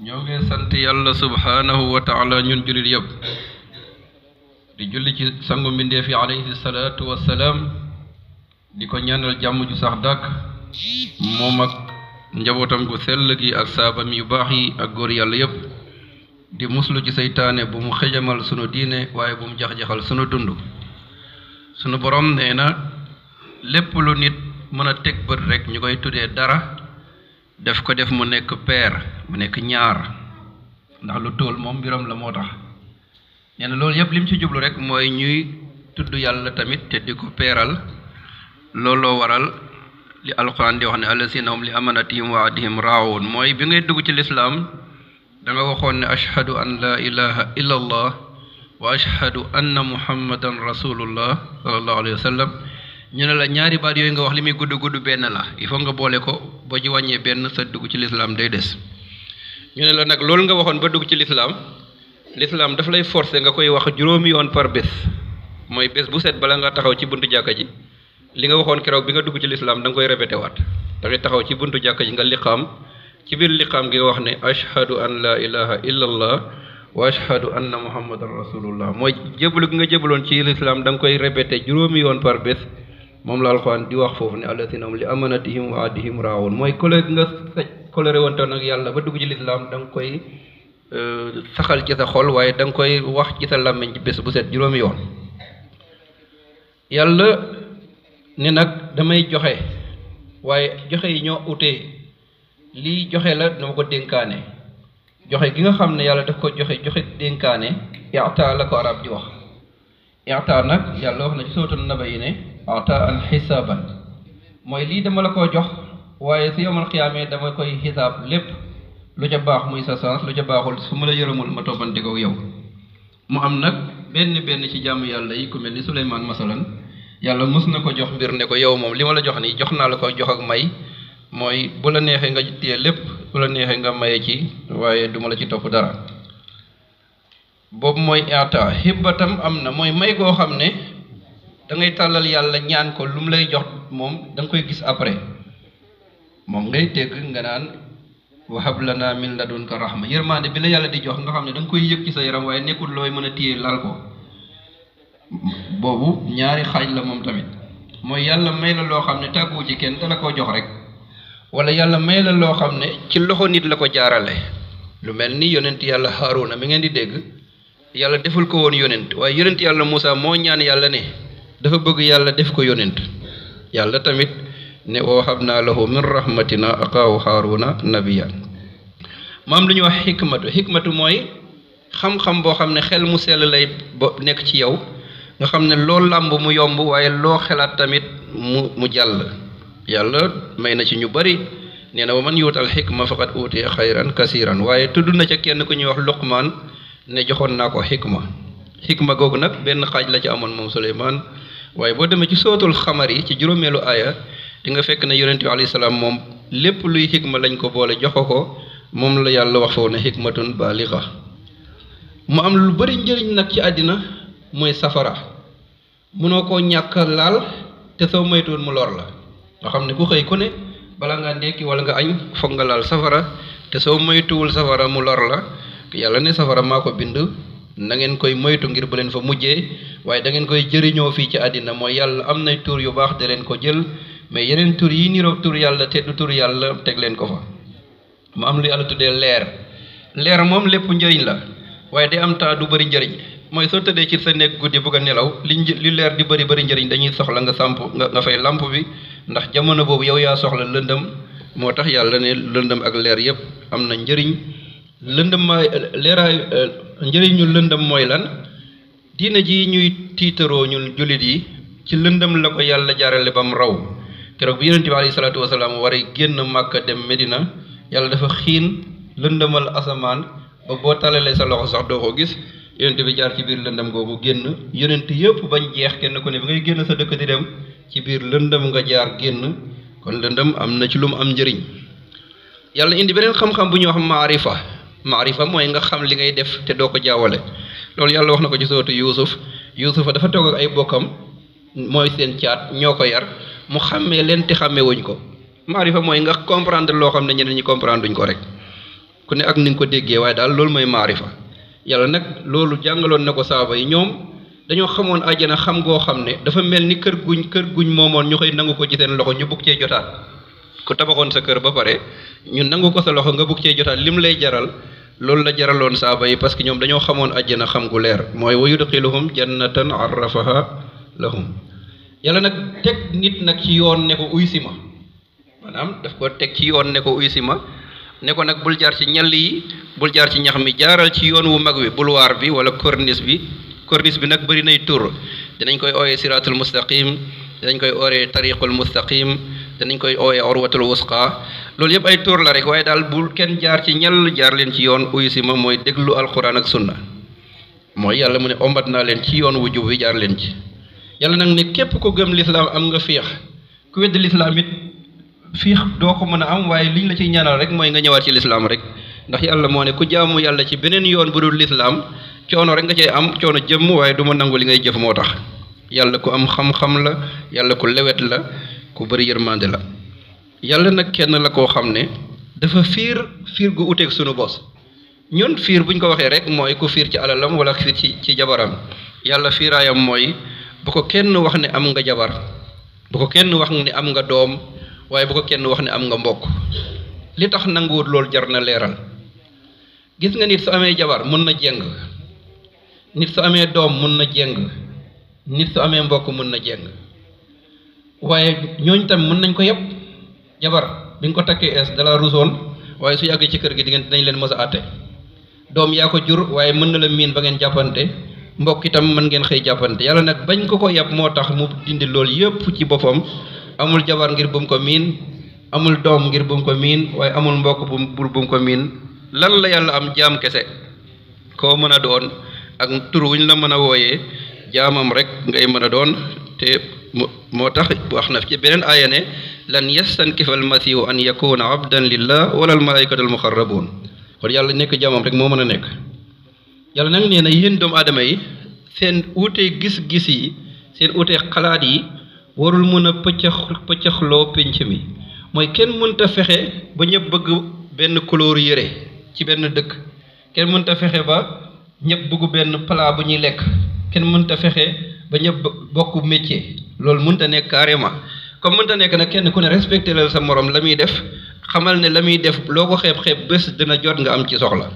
ñoo ngi sant yàlla subhanahu wa taala ñun julit yëpp di julli ci sangu mbindeef yi alayhi salaatu wassalaam di ko ñaanal jàmm ju sax dàkk moom ak njabootam gu sell gi ak saabam yu baax yi ak góor yàlla yëpp di muslu ci seytaane bu mu xejamal sunu diine waaye bu mu jax-jaxal sunu dund sunu borom nee na lépp lu nit mën a teg bët rek ñu koy tuddee dara def ko def mu nekk paire mu nekk ñaar ndax lu tool moom mbiram la moo tax nee na loolu yëpp lim ci jublu rek mooy ñuy tudd yàlla tamit te di ko peeral looloo waral li alquran di wax ne allasina hum li amanatihim wa ahdihim raawun mooy bi ngay dugg ci lislaam da nga waxoon ne ashhadu an la ilaha illa allah wa ashhadu anna muhammadan rasulullah sallallahu alayhi wa sallam ñu ne la ñaari baat yooyu nga wax li muy gudd gudd benn la il faut nga boole ko boo ci wàññee benn sa dugg ci lislaam day des ñu ne la nag loolu nga waxoon ba dugg ci lislaam lislaam daf lay forcer nga koy wax juróomi yoon par mooy bés bu set bala nga taxaw ci buntu jàkka ji li nga waxoon keroog bi nga dugg ci lislaam da koy répété waat da ngay taxaw ci buntu jàkka ji nga liqaam ci biir liqaam gi wax ne ashhadu an laa ilaha illa allah wa ashhadu anna muhammadan rasulullah mooy jébalu gi nga jébaloon ci lislaam da nga koy répété juróomi yoon par bés moom la alxuraan di wax foofu ne allatina hum li amanatihim wa ahdihim raawun mooy colère nga sa colère wante nag yàlla ba dugg ci lislaam da nga koy euh, saxal ci sa xol waaye danga koy wax ci sa làmmiñ ci bés bu set juróomi yoon yàlla ni nag damay joxe waaye joxe yi ñoo ute li joxe la noo ko dénkaane joxe ki nga xam ne yàlla daf ko joxe joxe dénkaane ixta la ko arab di wax ixta nag yàlla wax na ci sootu naba yi ne ataan xisaaban mooy lii dama la koo jox waaye su yomal xiyaamee dama koy xisaab lépp lu ca baax muy sa sens lu ca baaxul su ma la yërëmul ma toppante ko yow mu am nag benn benn ci jàmm yàlla yi ku mel ni Suleymaan masalan yàlla mës na ko jox mbir ne ko yow moom li ma la jox nii jox naa la ko jox ak may mooy bu la neexee nga téye lépp bu la neexee nga maye ci waaye duma la ci topp dara boobu mooy ata xibba am na mooy may goo xam ne da ngay tàllal yàlla ñaan ko lu mu lay jox moom danga koy gis après moom ngay dégg nga naan wahab lana min ladunka rahma yërmande bi la yàlla di jox nga xam ne da koy yëg ci sa yaram waaye nekkul looy mën a téye lal ñaari xaaj la moom tamit mooy yàlla may la loo xam ne tàgguwu ci kenn dala koo jox rek wala yàlla may la loo xam ne ci loxo nit la ko jaarale lu mel ni yonent yàlla Haaruna mi ngeen di dégg yàlla deful ko woon yonent waaye yonent yàlla Muusa moo ñaan yàlla ne dafa bëgg yàlla def ko yonent yàlla tamit ne naa wahabnaa lahu min rahmatina aqaahu haaruna nabiyan maam lu ñuy wax xikmatu xikmatu mooy xam-xam boo xam ne xel mu sell lay bo nekk ci yow nga xam ne loo làmb mu yomb waaye loo xelaat tamit mu mu jàll yàlla may na ci ñu bari nee na wa man yuutal xikma faqad uutiya xayran kasiran waaye tudd na ca kenn ku ñuy wax luqmaan ne joxoon naa ko xikma xikma googu nag benn xaaj la ci amoon moom Suleymaan waaye boo demee ci sootul xamar yi ci juróomeelu aaya di nga fekk ne yonent bi alayhi salaam moom lépp luy ma lañ ko boole jox ko moom la yàlla wax foofu ne xikmatun baaliga mu am lu bari njëriñ nag ci àddina mooy safara mënoo koo ñàkk laal te soo moytuwul mu lor la nga xam ne ku xëy ku ne balaa nga ndékki wala nga añ foog nga laal safara te soo moytuwul safara mu lor la yàlla ne safara maa ko bind na ngeen koy moytu ngir bu leen fa mujjee waaye da ngeen koy jëriñoo fii ci àddina mooy yàlla am nay tur yu baax da leen ko jël mais yeneen tur yi niroog tur yàlla te du tur yàlla teg leen ko fa mu am lu yàlla tuddee leer leer moom lépp njëriñ la waaye day am temps du bëri njëriñ mooy soo tëddee ci sa nekk guddi bëgg a nelaw li li leer di bari bari njëriñ dañuy soxla nga samp nga fay lamp bi ndax jamono boobu yow yaa soxla lëndëm moo tax yàlla ne lëndëm ak leer yépp am na njëriñ lëndëm maay leeraayu euh, njëriñu lëndëm mooy lan diina ji ñuy tiitaroo ñun jullit yi ci lëndëm la ko yàlla jaarale ba mu raw keroog bi yonent bi alayhi salaatu war génn màkka dem yàlla dafa xiin lëndëmal asamaan ba boo sa loxo sax doo ko gis yonent bi jaar ci biir lëndëm googu génn yonent yëpp bañ jeex kenn ku ne bi ngay génn sa dëkk dem ci biir lëndëm nga jaar génn kon lëndëm am na ci lu mu am njëriñ yàlla indi beneen xam-xam bu ñuy wax maarifa maarifa mooy nga xam li ngay def te doo ko jaawale loolu yàlla wax na ko ci sootu yuusuf yuusufa dafa toog ak ay bokkam mooy seen caat ñoo ko yar mu xàmmee leen te xàmmee wuñ ko fa mooy nga comprendre loo xam ne ñeneen ñi comprendre ñu ko rek ku ne ak ni nga ko déggee waaye daal loolu mooy maari fa yàlla nag loolu jàngaloon na ko saaba yi ñoom dañoo xamoon àjjana xam ngoo xam ne dafa mel ni kër guñ kër guñ moomoon ñu koy nangu ko ci seen loxo ñu bugg cee jotaat ku tabaxoon sa kër ba pare ñu nangu ko sa loxo nga bugg cee jotaat lim lay jaral loolu la jaraloon saaba yi parce que ñoom dañoo xamoon àjjana xam gu leer mooy wa yudxiluhum jannatan arrafaha lahum yàlla nag teg nit nag ci yoon ne ko uy si ma maanaam daf ko teg ci yoon ne ko uy ma ne ko nag bul jaar ci ñal yi bul jaar ci ñax mi jaaral ci yoon wu mag wi boulevard bi wala corniche bi corniche bi nag bëri nay tur danañ koy ooyee siraatul mustaqim dinañ koy ooyee tariqul mustaqim danañ koy ooyee orwatul wusqa loolu yëpp ay tuur la rek waaye daal bul kenn jaar ci ñel jaar leen ci yoon uyu si ma mooy déglu alquran ak sunna mooy yàlla mu ne ombat naa leen ci yoon wu jub wi jaar leen ci yàlla nag ne képp ko gëm lislaam am nga fiix ku wedd lislaam it fiix doo ko mën a am waaye liñ la ciy ñaanal rek mooy nga ñëwaat ci lislaam rek ndax yàlla moo ne ku jàmm yàlla ci beneen yoon bu dul lislaam coono rek nga cay am coono jëmm waaye du ma nangu li ngay jëf moo tax yàlla ku am xam la yàlla ku lewet la ku bëri yërmande la yàlla nag kenn la koo xam ne dafa fiir fiir gu uteeg sunu bos ñun fiir buñ ko waxee rek mooy ku fiir ci alalam wala fiir ci ci jabaram yàlla fiiraayam mooy bu ko kenn wax ne am nga jabar bu ko kenn wax ni am nga doom waaye bu ko kenn wax ni am nga mbokk li tax nanguwut loolu jar na leeral gis nga nit su amee jabar mun na jeng nit su amee doom mun na jéng nit su amee mbokk mun na jeng waaye ñooñ tam mën nañ ko yëpp jabar bi nga ko takkee es dala ruusoon waaye su yàggee ci kër gi di ngeen dañ leen mës a àtte doom yaa ko jur waaye mën na la miin ba ngeen jàppante mbokk itam mën ngeen xëy jàppante yàlla nag bañ ko ko yàpp moo tax mu dindi loolu yëpp ci boppam amul jabar ngir bu mu ko miin amul doom ngir bu mu ko miin waaye amul mbokk bu mu bu ko miin lan la yàlla am jaam kese koo mën a doon ak tur wuñ la mën a wooyee jaamam rek ngay mën a doon moo tax wax na ci beneen aaya ne lan yastankifa almasihu an yakuna abdan lillah wala almalaikatu almuqarrabun kon yàlla nekk jaamam rek moo mën a nekk yàlla nag nee na yéen doomu aadama yi seen uutee gis-gis yi seen uutee xalaat yi warul mën a pëccëx pëccëxloo pénc mi mooy kenn mënta fexe ba ñëpp bëgg benn couleur yére ci benn dëkk kenn mënta fexe ba ñëpp bëgg benn palaa bu ñuy lekk kenn mënta fexe bañ a bokk métier loolu mënta nekk carrément comme mënta nekk nag kenn ku ne respecté la sa morom la muy def xamal ne la muy def loo ko xeeb xeeb bés dina jot nga am ci soxla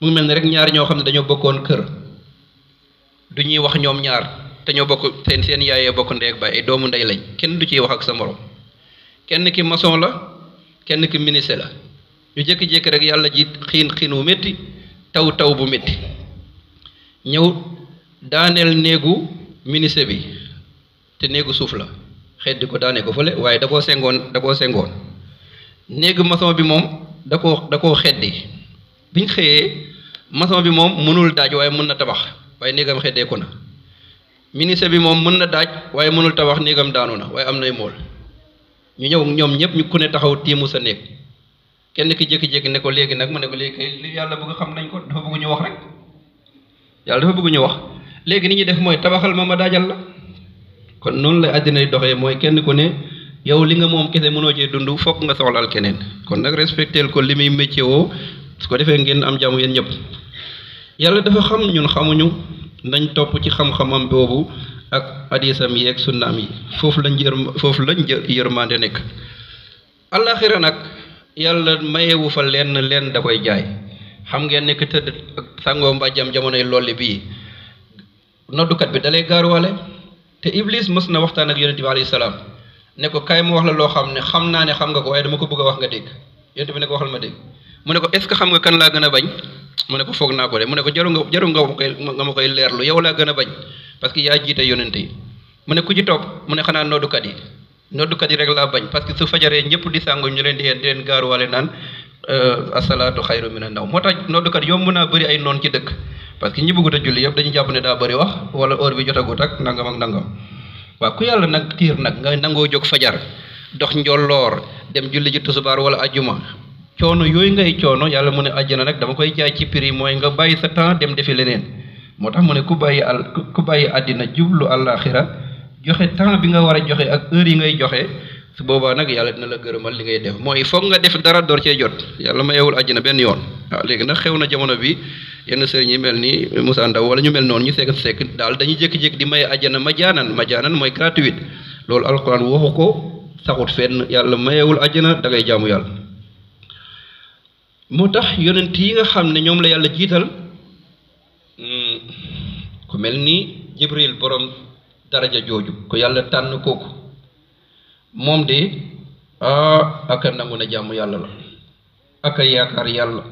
mu mel ne rek ñaar ñoo xam ne dañoo bokkoon kër du ñuy wax ñoom ñaar te ñoo bokk seen seen yaayee bokk ndey ak baay doomu ndey lañ kenn du ciy wax ak sa morom kenn ki maçon la kenn ki ministre la ñu jékki rek yàlla ji xiin taw taw bu ñëw daaneel néegu ministre bi te néegu suuf la xeet di ko daane ko fële waaye da koo sengoon da koo sengoon néegu maçon bi moom da koo da koo xeddi biñ xëyee maçon bi moom mënul daaj waaye mën na tabax waaye néegam xeddeeku na ministre bi moom mën na daaj waaye mënul tabax néegam daanu na waaye am nay mool ñu ñëw ñoom ñëpp ñu ku ne taxaw tiimu sa néeg kenn ki jékki-jékki ne ko léegi nag mu ne ko léegi li yàlla bëgg xam nañ ko dafa bëgg ñu wax rek yàlla dafa bëgg ñu wax léegi ni ñuy def mooy tabaxal ma ma daajal la kon noonu la àddina di doxee mooy kenn ku ne yow li nga moom kese mënoo cee dund fokk nga soxlaal keneen kon nag respecteel ko li muy métier su ko defee ngeen am jàmm yéen ñëpp yàlla dafa xam ñun xamuñu nañ topp ci xam-xamam boobu ak hadisam yi ak sunnaam yi foofu lañ yër foofu lañ yërmande nekk àllaaxira nag yàlla mayewu fa leen lenn da koy jaay xam ngeen nekk tëdd ak sàngoo mbàjjam jamonoy lolli bii noddukat bi dalay gaaruwaale te Iblis mës na waxtaan ak yonente bi alayhi salaam ne ko kaay mu wax la loo xam ne xam naa ne xam nga ko waaye dama ko bëgg a wax nga dégg yonente bi ne ko waxal ma dégg mu ne ko est ce que xam nga kan laa gën a bañ mu ne ko foog naa ko de mu ne ko jaru nga jaru nga ma koy nga ma koy leerlu yow laa gën a bañ parce que yaa jiite yonante yi mu ne ku ci topp mu ne xanaa noddukat yi noddukat yi rek laa bañ parce que su fajaree ñëpp di sàngu ñu leen di leen di leen gaaruwaale naan Euh, asalaatu xayru mina ndaw moo tax noddukat yomb naa bëri ay noon ci dëkk parce que ñi bëggut a julli yëpp dañu jàpp ne daa bëri wax wala heure bi jotagut ak nangam ak nangam waaw ku yàlla nag tiir nag nga nangoo jóg fajar dox njolloor dem julli ji tusubaar wala ajuma coono yooyu ngay coono yàlla mu ne àjjana nag dama koy jaay ci prix mooy nga bàyyi sa temps dem defi leneen moo tax mu ne ku bàyyi al ku bàyyi àddina jublu àllaaxira joxe temps bi nga war a joxe ak heure yi ngay joxe su boobaa nag yàlla dina la gërëmal li ngay def mooy foog nga def dara door cee jot yàlla ma yeewul na benn yoon waaw léegi nag xew na jamono bi yenn sëriñ yi mel ni Moussa Ndaw wala ñu mel noonu ñu sekk sekk daal dañuy jékki-jékki di maye àjjana majaanan majaanan mooy gratuite loolu alxuraan waxu ko saxut fenn yàlla mayewul àjjana da ngay jaamu yàlla moo tax yonent yi nga xam ne ñoom la yàlla jiital hmm, ku mel ni Jibril borom daraja jooju ko yàlla tànn kooku moom de ak a nangu na jàmm yàlla la ak a yaakaar yàlla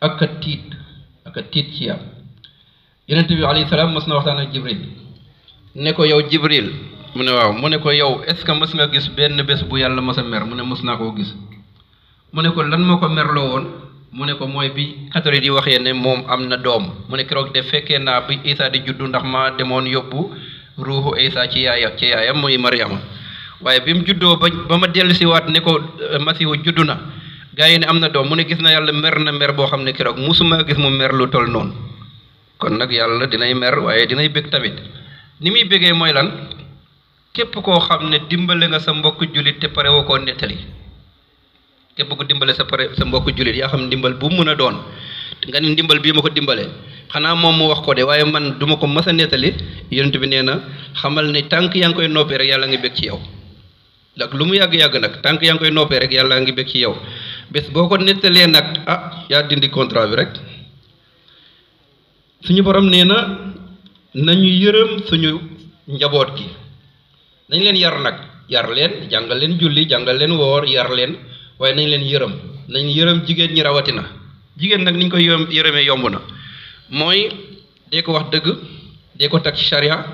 ak a tiit ak a tiit ci yàlla yonent bi alayhi salaam mës na waxtaan ak Jibril ne ko yow Jibril mu ne waaw mu ne ko yow est ce que mës nga gis benn bés bu yàlla mës a mer mu ne mos naa koo gis mu ne ko lan ma ko merloo woon mu ne ko mooy bi catholique di waxee ne moom am na doom mu ne keroog de fekkee naa bi Isa di juddu ndax ma demoon yóbbu ruuxu Isa ci yaaya ci yaayam muy Mariama waaye bi mu juddoo ba ba ma dellu siwaat ne ko euh, masihu juddu na gaa yi ne am na doom mu ne gis na yàlla mer na mer boo xam ne keroog musuma gis mu mer lu toll noonu kon nag yàlla dinay mer waaye dinay bég tamit ni muy bégee mooy lan képp koo xam ne dimbale nga sa mbokk jullit te pare woo koo nettali képp ko dimbale sa pare sa mbokk jullit yaa xam ndimbal bu mun a doon nga ne ndimbal bii ma ko dimbale xanaa moom mu wax ko de waaye man duma ko mës a nettali yonent bi nee na xamal ne tànk yaa ngi koy noppi rek yàlla nga bég ci yow ak lu mu yàgg-yàgg nag tànk yaa ngi koy noppee rek yàlla ngi bég ci yow bés boo ko nettalee nag ah yaa dindi contrat bi rek suñu boroom nee na nañu yërëm suñu njaboot gi nañ leen yar nag yar leen jàngal leen julli jàngal leen woor yar leen waaye nañ leen yërëm nañu yërëm jigéen ñi rawatina jigéen nag niñ koy yërëme yomb na mooy dee ko wax dëgg de ko tag ci charia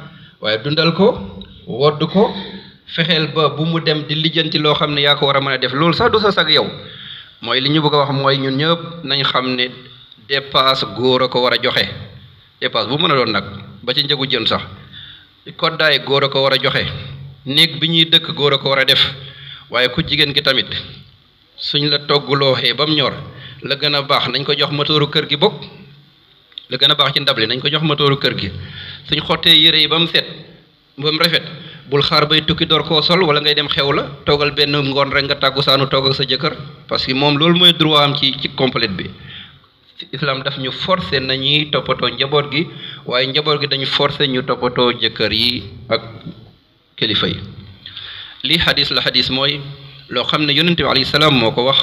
waaye dundal ko wodd ko fexeel ba bu mu dem di lijjanti loo xam ne yaa ko war a mën a def loolu sax du sa sag yow mooy li ñu bëgg a wax mooy ñun ñëpp nañ xam ne dépasse góor a ko war a joxe dépasse bu mën a doon nag ba ci njëgu jën sax koddaay góor a ko war a joxe néeg bi ñuy dëkk góor a ko war a def waaye ku jigéen gi tamit suñ la toggulooxee ba mu ñor la gën a baax nañ ko jox matooru kër gi bokk la gën a baax ci ndab li nañ ko jox matooru kër gi suñ xottee yére yi ba mu set ba mu rafet bul xaar bay tukki dor koo sol wala ngay dem xew la toogal anu ngoon rek nga tàggusaanu toog ak sa jëkkër parce que moom loolu mooy droit am ci ci complète bi islam daf ñu forcé nañuy toppatoo njaboot gi waaye force gi dañu forcé ñu yi ak kilifa yi lii xadis la xadis mooy loo xam ne yonente bi alayhi ko wax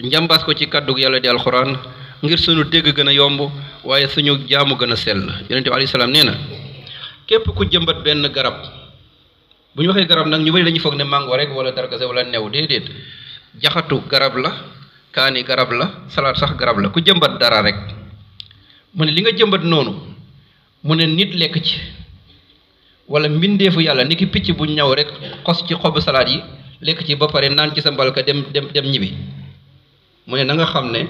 njambaas ko ci kàddug yàlla di alquran ngir suñu dégg gën a yomb waaye suñu jaamu gën a sell yonente bi alayhi salaam képp ku jëmbat benn garab bu ñu waxee garab nag ñu bëri dañuy foog ne mango rek wala darkase wala new déedéet jaxatu garab la kaani garab la salaat sax garab la ku jëmbat dara rek mu ne li nga jëmbat noonu mu ne nit lekk ci walla mbindeefu yàlla ni ki picc bu ñaw rek xos ci xob salaat yi lekk ci ba pare naan ci sa mbalka dem dem dem ñibbi mu ne nanga xam ne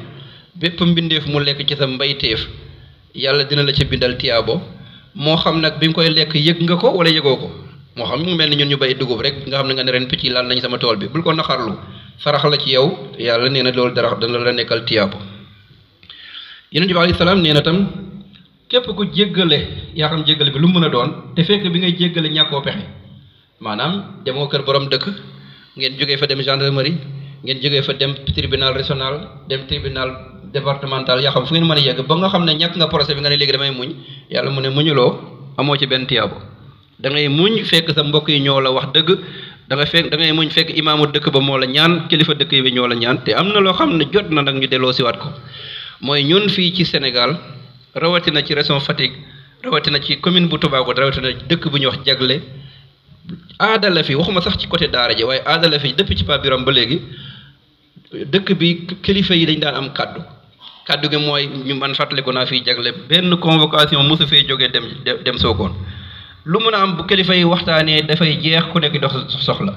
bépp mbindeef mu lekk ci sa mbayteef yàlla dina la ci bindal tiyaabo moo xam nag bi nga koy lekk yëg nga ko wala yëgoo ko moo xam mu mel ni ñun ñu bay dugub rek nga xam ne nga ne ren picc yi laal nañ sama tool bi bul ko naxarlu farax la ci yow yàlla nee na loolu dara dana la nekkal tiyaab yonent bi alayhi salaam nee na tam képp ku jéggale yaa xam jéggale bi lu mën a doon te fekk bi ngay jéggale ñàkkoo pexe maanaam demoo kër borom dëkk ngeen jógee fa dem gendarmerie ngeen jógee fa dem tribunal résional dem tribunal départemental yaa xam fu ngeen mën a yegg ba nga xam ne ñàkk nga procès bi nga ne léegi damay yàlla mu ne muñuloo amoo ci benn tiyaabo da ngay muñ fekk sa mbokk yi ñoo la wax dëgg da nga fekk da muñ fekk imaamu dëkk ba moo la ñaan kilifa dëkk yi ñoo la ñaan te am na loo xam ne jot na nag ñu delloo siwaat ko mooy ñun fii ci Sénégal rawatina ci région Fatick rawatina ci commune bu Toubacouta rawatina dëkk bu ñuy wax jagle aada la fi waxuma sax ci côté daara ji waaye aada la fi depuis ci Biram ba léegi dëkk bi kilifa yi dañ daan am kàddu kàddu gi mooy ñu man fàttaliku naa fii jagle benn convocation mosu fee jógee dem dem Sokone lu mun a am bu kilifa yi waxtaanee dafay jeex ku nekk dox soxla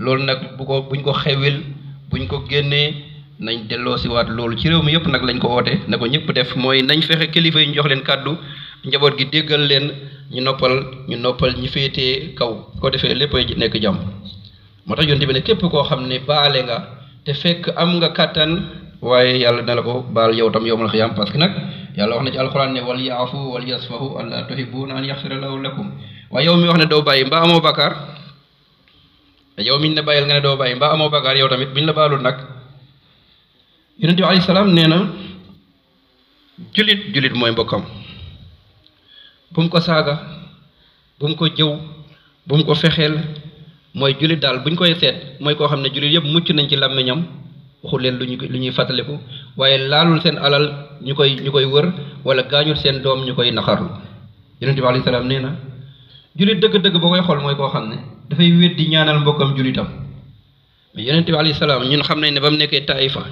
loolu nag bu ko buñ ko xewil buñ ko génnee nañ delloo si waat loolu ci réew mi yëpp nag lañ ko oote na ko ñëpp def mooy nañ fexe kilifa yi ñu jox leen kàddu njaboot gi déggal leen ñu noppal ñu noppal ñu féete kaw ko defee lépp nekk jàmm moo tax yonte bi ne képp koo xam ne baale nga te fekk am nga kàttan waaye yàlla na la ko baal yow tam yow ma la ko yam nag yàlla wax na ci alxuraan ne wal yaafu wal yasfahu alla tuhibbuuna an yaxfira lahu lakum waaye yow mi wax ne doo bàyyi mbaa amoo bakkaar yow miñ la bàyyil nga ne doo bàyyi mbaa amoo bakkaar yow tamit biñ la baalul nag yonent bi alayhi salaam nee na julit julit mooy mbokkam bu mu ko saaga bu mu ko jëw bu mu ko fexeel mooy julit daal buñ koy seet mooy koo xam ne julit yëpp mucc nañ ci làmmiñam waxu leen lu ñuy lu ñuy fàttaliku waaye laalul seen alal ñu koy ñu koy wër wala gaañul seen doom ñu koy naxarlu yonent bi alayhi salaam nee na jullit dëgg-dëgg boo koy xool mooy koo xam ne dafay wéet di ñaanal mbokkam jullitam mais yonent bi alayhi salaam ñun xam nañ ne ba mu nekkee taayifa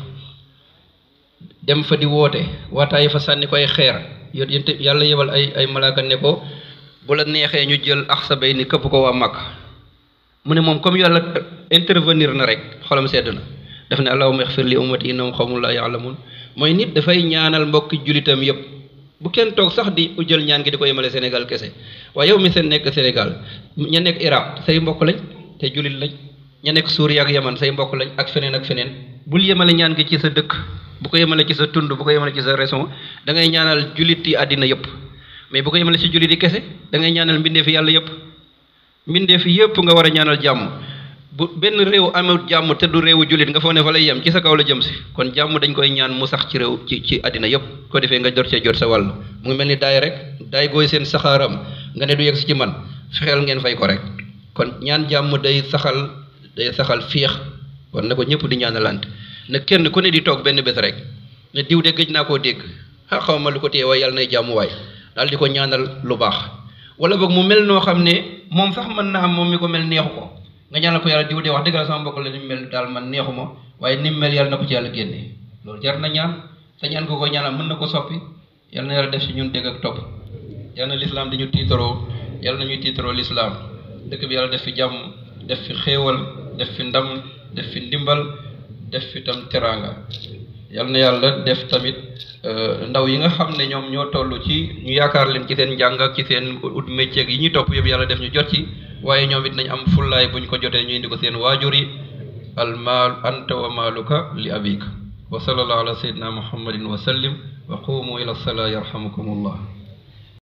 dem fa di woote waa taayifa sànni koy xeer yo yàlla yebal ay ay malaaka ne ko bu la neexee ñu jël ak sa bay ni këpp ko waa Makka mu ne moom comme yàlla intervenir na rek xolam sedd na def daf ne allahumma ixfir li ummati innahum xawmun laa yaalamun mooy nit dafay ñaanal mbokki julitam yëpp bu kenn toog sax di jël ñaan gi di ko yemale Sénégal kese waaye yow mi seen nekk Sénégal ña nekk Iraq say mbokk lañ te julit lañ ña nekk Suuriya ak Yaman say mbokk lañ ak feneen ak feneen bul yemale ñaan gi ci sa dëkk bu ko yemale ci sa tund bu ko yemale ci sa région da ngay ñaanal julit yi àddina yëpp mais bu ko yemale ci julit yi kese da ngay ñaanal mbindeefi yàlla yëpp mbindeefi yëpp nga war a ñaanal jàmm bu benn réew amut jàmm te du réewu jullit nga foog ne fa lay yem ci sa kaw la jëm si kon jàmm dañ koy ñaan mu sax ci réew ci ci àddina yépp ko defee nga jot cee jot sa wàll mu ngi mel ni daay rek daay gooy seen saxaaram nga ne du yegg si ci man fexeel ngeen fay ko rek kon ñaan jàmm day saxal day saxal fiix kon na ko ñëpp di ñaanalante na kenn ku ne di toog benn bés rek ne diw de gëj naa koo dégg xaw ma lu ko téye waaye yàlla nay jàmm waay daal di ko ñaanal lu baax wala boog mu mel noo xam ne moom sax mën na am moom mi ko mel neexu ko. nga ñaanal ko yàlla diw dee wax dëgg la sama mbokk la ni mu mel daal man neexuma waaye ni mu mel yàlla na ko ci yàlla génne loolu jar na ñaan te ñaan ko ko ñaanal mën na ko soppi yàlla def si ñun dégg ak topp yàlla na ñu tiitaroo yàlla na ñuy lislaam dëkk bi yàlla def fi jàmm def fi xéewal def fi ndam def fi ndimbal def fi tam teraanga yàlla na yàlla def tamit euh, ndaw yi nga xam ne ñoom ñoo toll ci ñu yaakaar leen ci seen njàng ak ci seen ut métier yi ñuy topp yëpp yàlla def ñu jot ci waye ñoom it nañ am fulay buñ ko jotté ñu indi ko seen wajuri al mal anta wa maluka li abika wa sallallahu ala sayyidina muhammadin wa sallim wa qumu ila salati yarhamukumullah